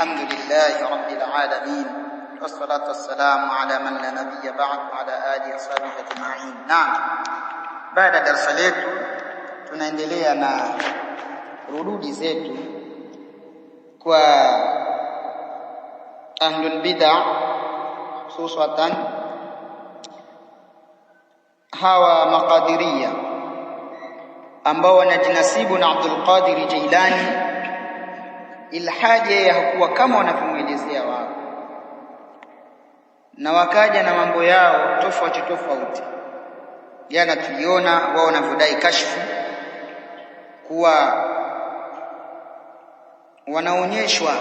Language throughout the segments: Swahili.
الحمد لله رب العالمين والصلاة والسلام على من لا نبي بعد وعلى آله وصحبه أجمعين. Naam, baada ya darasa letu tunaendelea na rududi zetu kwa ahlul bid'a hususan hawa maqadiria ambao wanajinasibu na Abdul Qadir Jailani ilhaji yeye hakuwa kama wanavyomwelezea wao, na wakaja na mambo yao tofauti tofauti. Jana tuliona wao wanavyodai kashfu kuwa wanaonyeshwa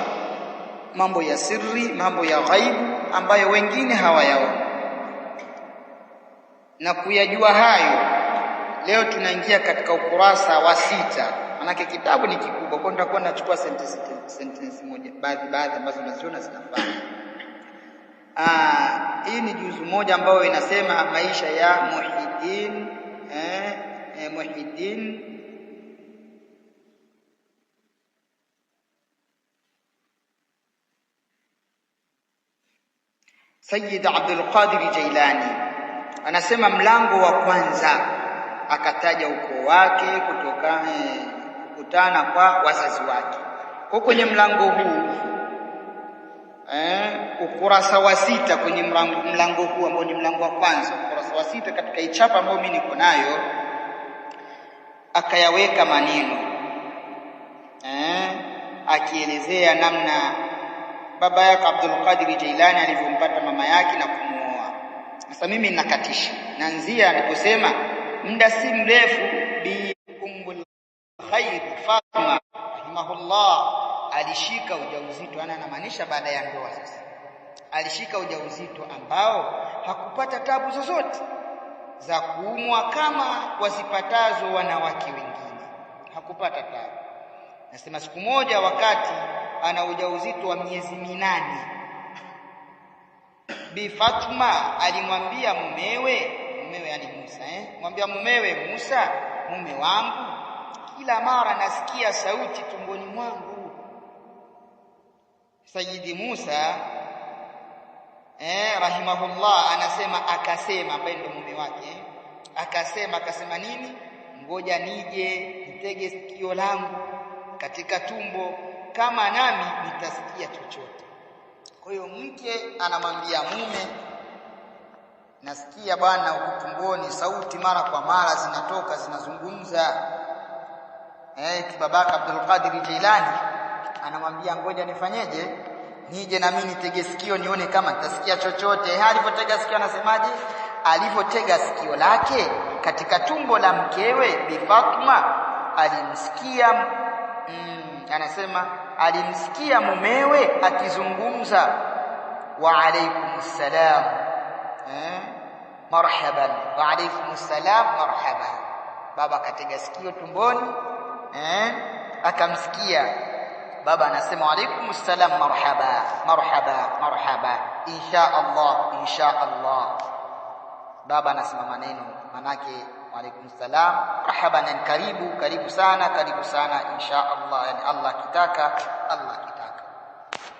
mambo ya siri, mambo ya ghaibu ambayo wengine hawayaona na kuyajua hayo. Leo tunaingia katika ukurasa wa sita manake kitabu ni kikubwa, kwa nitakuwa nachukua sentence sentence moja, baadhi baadhi ambazo naziona zinafaa. Ah, hii ni juzu moja ambayo inasema maisha ya Muhyiddin eh, eh, Muhyiddin Sayyid Abdul Qadir Jailani anasema mlango wa kwanza, akataja ukoo wake kutoka eh, kukutana kwa wazazi wake. Kwa kwenye mlango huu eh, ukurasa wa sita kwenye mlango, mlango huu ambao ni mlango wa kwanza, ukurasa wa sita katika ichapa ambayo mimi niko nayo, akayaweka maneno eh, akielezea namna baba yake Abdul Qadir Jailani alivyompata mama yake na kumwoa. Sasa mimi nakatisha, naanzia aliposema muda si mrefu bi Khair Fatima rahimahullah alishika ujauzito, ana yaani anamaanisha baada ya ndoa sasa. Alishika ujauzito ambao hakupata tabu zozote za kuumwa kama wazipatazo wanawake wengine, hakupata tabu. Nasema siku moja, wakati ana ujauzito wa miezi minane, Bi Fatuma alimwambia mumewe, mumewe yani Musa eh, mwambia mumewe Musa, mume wangu kila mara nasikia sauti tumboni mwangu. Sayyidi Musa eh, rahimahullah anasema akasema, ambaye ndio mume wake akasema, akasema nini? Ngoja nije nitege sikio langu katika tumbo, kama nami nitasikia chochote. Kwa hiyo mke anamwambia mume, nasikia bwana huku tumboni sauti mara kwa mara zinatoka zinazungumza eh kibabaka Abdul Qadir Jilani anamwambia ngoja nifanyeje nije na mimi nitege sikio nione kama nitasikia chochote eh, alipotega sikio anasemaje alipotega sikio lake katika tumbo la mkewe Bi Fatma alimsikia mm, anasema alimsikia mumewe akizungumza wa alaykum salam eh? marhaban wa alaykum salam marhaban baba katega sikio tumboni eh akamsikia baba anasema alaikum salam marhaba marhaba marhaba insha Allah insha Allah baba anasema maneno manake alaikum salam marhaba na karibu karibu sana karibu sana insha Allah yani Allah akitaka Allah kitaka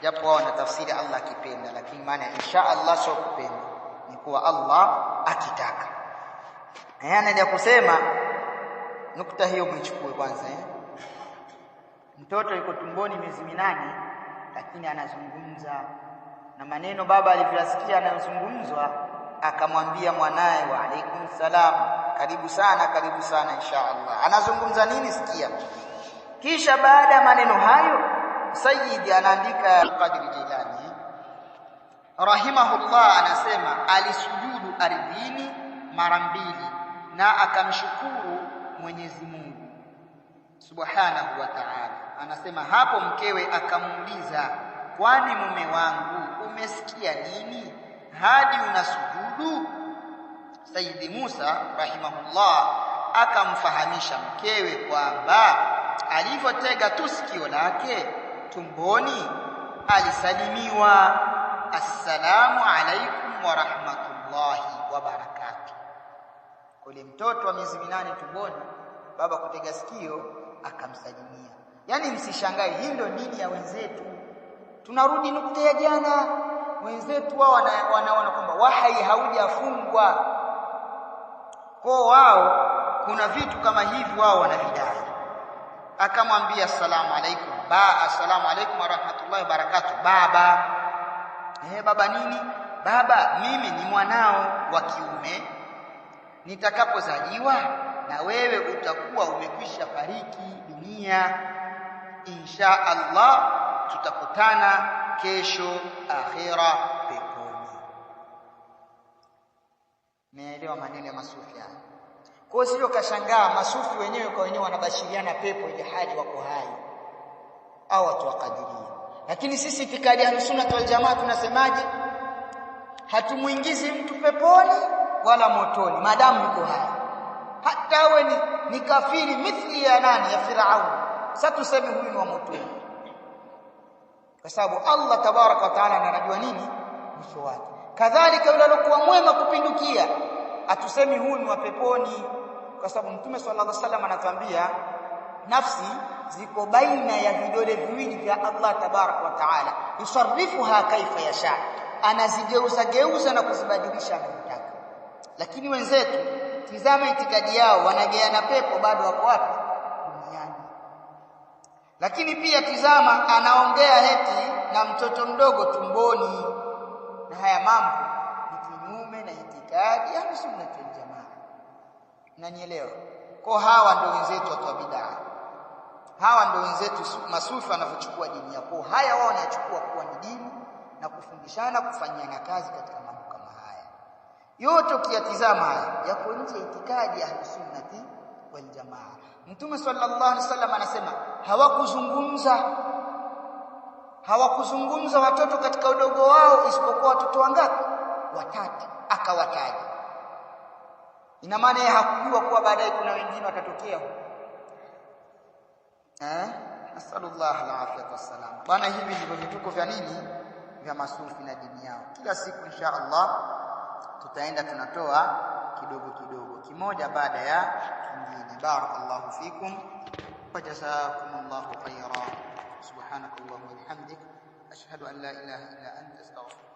japo wao na tafsiri Allah akipenda lakini maana insha Allah sio kupenda ni kuwa Allah akitaka yani eh, kusema nukta hiyo mwichukue kwanza eh? Mtoto yuko tumboni miezi minane, lakini anazungumza na maneno baba alivyoyasikia anayozungumzwa, akamwambia mwanaye wa alaikum salam, karibu sana, karibu sana, inshaallah. Anazungumza nini? Sikia. Kisha baada ya maneno hayo, Sayyidi anaandika al Jilani eh. rahimahullah, anasema alisujudu ardhini mara mbili na akamshukuru Mwenyezi Mungu Subhanahu wa Ta'ala. Anasema hapo mkewe akamuuliza, kwani mume wangu umesikia nini hadi unasujudu? Sayyidi Musa rahimahullah akamfahamisha mkewe kwamba alivyotega tu sikio lake tumboni alisalimiwa assalamu alaikum wa rahmatullahi wa barakatuh. Kule mtoto wa miezi minane tumboni, baba kutega sikio akamsalimia. yani msishangae, hii ndio dini ya wenzetu. Tunarudi nukta ya jana, wenzetu wao wanaona wana, kwamba wahai haujafungwa kwa wao kuna vitu kama hivi wao wanavidai. Akamwambia assalamu alaykum ba, assalamu alaikum warahmatullahi wabarakatuh baba. Eh, baba nini? Baba, mimi ni mwanao wa kiume nitakapozaliwa na wewe utakuwa umekwisha fariki dunia. Insha Allah tutakutana kesho akhira peponi. Meelewa maneno ya masufi haya? Kwa sio kashangaa masufi wenyewe kwa wenyewe wanabashiriana pepo, ili hali wako hai au watu wakadiria. Lakini sisi itikadi ya sunna Sunnah wal Jamaa tunasemaje? Hatumuingizi mtu peponi wala motoni maadamu yuko hai hata awe ni, ni kafiri mithli ya nani ya firaun sasa tuseme huyu ni wa motoni kwa sababu Allah tabaraka wa taala anajua nini mwisho wake kadhalika yule aliyokuwa mwema kupindukia atusemi huyu ni wa peponi kwa sababu mtume sallallahu alaihi wasallam anatuambia nafsi ziko baina ya vidole viwili vya Allah tabaraka wa taala yusarrifuha kaifa yasha anazigeuza geuza na kuzibadilisha lakini wenzetu tizama itikadi yao, wanageana pepo bado wako wapi? Duniani. Lakini pia tizama, anaongea heti na mtoto mdogo tumboni, na haya mambo ni kinyume na itikadi ya Sunnah ya Jamaa. Nanielewa kwa hawa ndio wenzetu watu wa bidaa, hawa ndio wenzetu masufi wanavyochukua dini yao. haya wao wanachukua kuwa ni dini na kufundishana, kufanyana kazi katika yote ukiyatizama haya yako nje itikadi ya sunnati wal jamaa mtume sallallahu alaihi wasallam anasema hawakuzungumza hawakuzungumza watoto katika udogo wao isipokuwa watoto wangapi watatu akawataja ina maana yeye hakujua kuwa baadaye kuna wengine watatokea eh asallallahu alaihi wasallam bana hivi ndivyo vituko vya nini vya masufi na dini yao kila siku insha Allah tutaenda tunatoa kidogo kidogo kimoja baada ya kingine barakallahu fikum wa jazakumullahu khairan subhanakallahumma wa bihamdika ashhadu an la ilaha illa anta astaghfiruka